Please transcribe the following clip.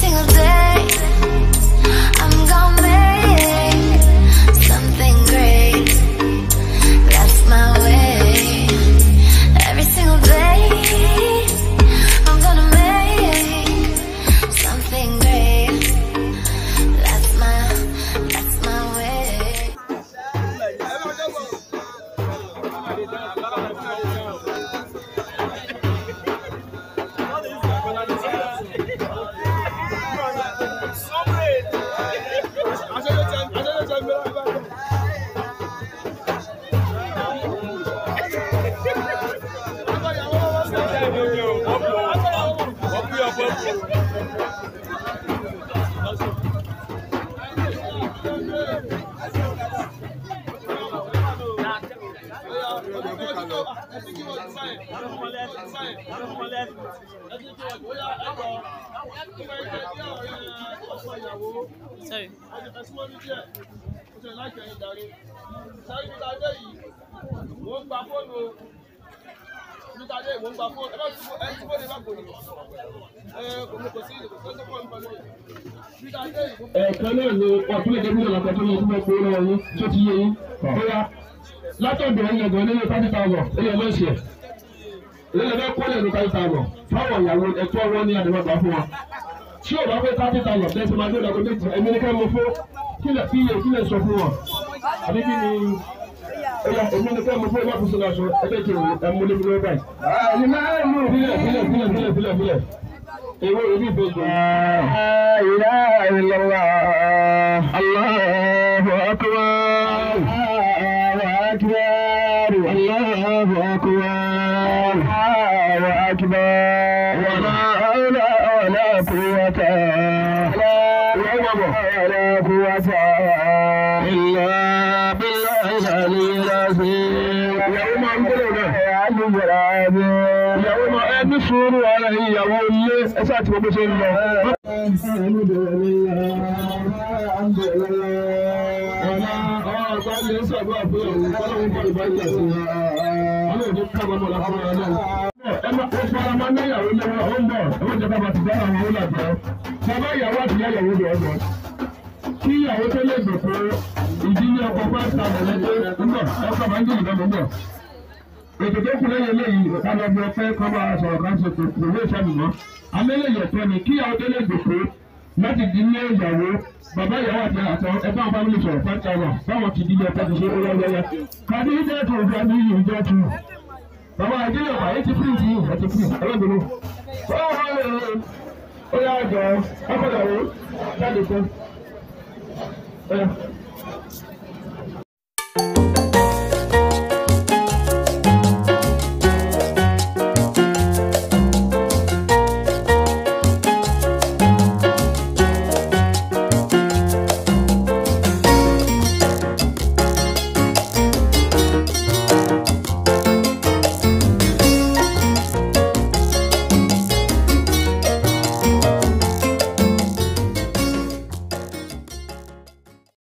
single day Sorry. Sorry ẹ̀ẹ̀kan náà ni ọ̀pọ̀lọpọ̀ gómìnà lọ́kọ̀ tó lọ sí ọkọ̀ ọ̀rọ̀ yín tó ti yé yín bóyá látọ̀dọ̀ ẹ̀yìn ẹ̀gbọ́n nínú thirty thousand ẹ̀yìn ẹ̀gbọ́n ṣe ẹ̀ lẹ́yìn ẹ̀gbọ́n kọ́lẹ̀ ní thirty thousand fáwọn ìyàwó ẹ̀tọ́ wọn ní àdìmọ́ gbà fún wa tí o bá fẹ́ thirty thousand bẹ́ẹ̀ sì máa gbé ọ̀dọ́ ẹ̀mí ní ká mú fún kílẹ̀ fíye kílẹ̀ sọ fún wọn àbí kí ni èmi ni fẹ́ mo fẹ́ má fi sọ̀rọ̀ aṣọ ẹgbẹ́ kí ẹ mú lébi lọ́wọ́ báyìí. àyè ah, máa ń mú bílẹ̀ bílẹ̀ bílẹ̀ bílẹ̀ bílẹ̀ bílẹ̀ ewé ibi ìbejì. ìlà ah, ìlọ́lá Allahu akbar Allahu akbar Allahu akbar Allahu akbar wàlá ọ̀là ọ̀là kúwàtà wàlá ọ̀là kúwàtà. ìyàwó máa ń gbọ́dọ̀ náà. ìyàwó máa ẹni sùúrù ara yìí ìyàwó ilé ẹsẹ̀ àti gbogbo ṣe ń lọ. Ẹnu ọ̀pọ̀lọpọ̀ máa ń ní ìyàwó lẹ́wọ̀n ọ̀hún bọ̀ ẹ̀wọ̀n ìjọba bàtí dára àwọn olùdàgbà. Bàbá ìyàwó àti ìyá ìyàwó lọ́dọ̀. Kí ìyàwó tó lè gbẹ̀kọ́ ìdílé ọkọ̀ five thousand ẹgbẹ́ ńbọ̀ ọkọ̀ bangeli bẹ́ẹ̀ ńbọ̀ ètò tó kún lẹ́yìn eléyìí ọlọ́mọ ọpẹ́ kọ́ bá a sọ̀rọ̀ ká ṣe kòkòrò ìṣẹ́nu mọ́ amẹ́lẹ́yìn ọ̀tọ́ ni kí àwọn délé gbèsè láti di ilé ìyàwó bàbá ìyàwó àti àtọ ẹgbẹ́ àwọn fámìlì sọ̀rọ̀ five thousand báwọn ti dílé ọkọ̀ ti ṣe é lọ́yọ́yọ́ kàdé ìdí ẹ̀tọ́ ìjọ ní ìyìn ìjọ tù bàbá ìdílé ọ̀pá yìí ti print yìí ẹ̀ ti print ọlọ́dúnrún ó yà ọjọ́ ọkọ̀ ìyàwó jáde fún É.